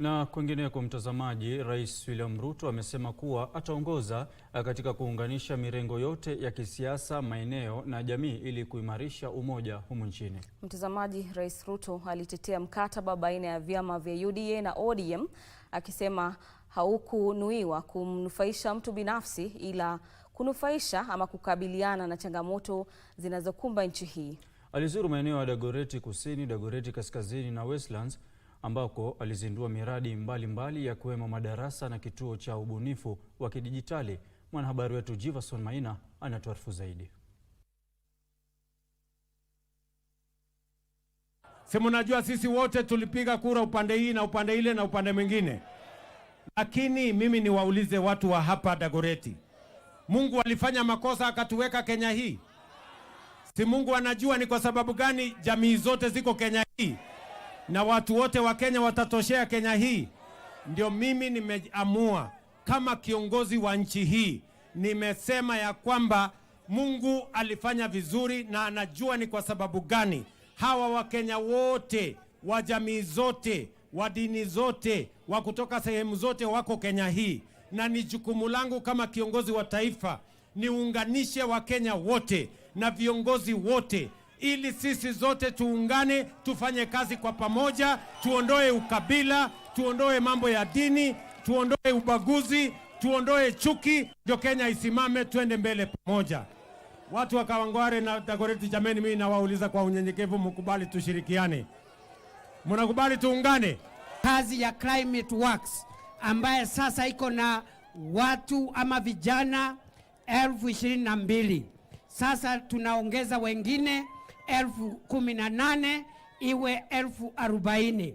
Na kwengineko, mtazamaji, Rais William Ruto amesema kuwa ataongoza eh, katika kuunganisha mirengo yote ya kisiasa, maeneo na jamii ili kuimarisha umoja humu nchini. Mtazamaji, Rais Ruto alitetea mkataba baina ya vyama vya UDA na ODM akisema haukunuiwa kumnufaisha mtu binafsi ila kunufaisha ama kukabiliana na changamoto zinazokumba nchi hii. Alizuru maeneo ya Dagoretti Kusini, Dagoretti Kaskazini na Westlands ambako alizindua miradi mbalimbali yakiwemo madarasa na kituo cha ubunifu wa kidijitali. Mwanahabari wetu Jiverson Maina anatuarifu zaidi. Sema najua sisi wote tulipiga kura upande hii na upande ile na upande mwingine, lakini mimi niwaulize watu wa hapa Dagoreti, Mungu alifanya makosa akatuweka Kenya hii? Si Mungu anajua ni kwa sababu gani jamii zote ziko Kenya hii? na watu wote wa Kenya watatoshea Kenya hii. Ndio mimi nimeamua kama kiongozi wa nchi hii, nimesema ya kwamba Mungu alifanya vizuri na anajua ni kwa sababu gani. Hawa Wakenya wote wa jamii zote wa dini zote wa kutoka sehemu zote wako Kenya hii, na ni jukumu langu kama kiongozi wa taifa niunganishe Wakenya wote na viongozi wote ili sisi zote tuungane, tufanye kazi kwa pamoja, tuondoe ukabila, tuondoe mambo ya dini, tuondoe ubaguzi, tuondoe chuki, ndio Kenya isimame, twende mbele pamoja. Watu wa Kawangware na Dagoretti, jameni, mimi nawauliza kwa unyenyekevu, mkubali tushirikiane, mnakubali tuungane. Kazi ya Climate Works ambaye sasa iko na watu ama vijana elfu ishirini na mbili sasa tunaongeza wengine elfu kumi na nane iwe elfu arobaini.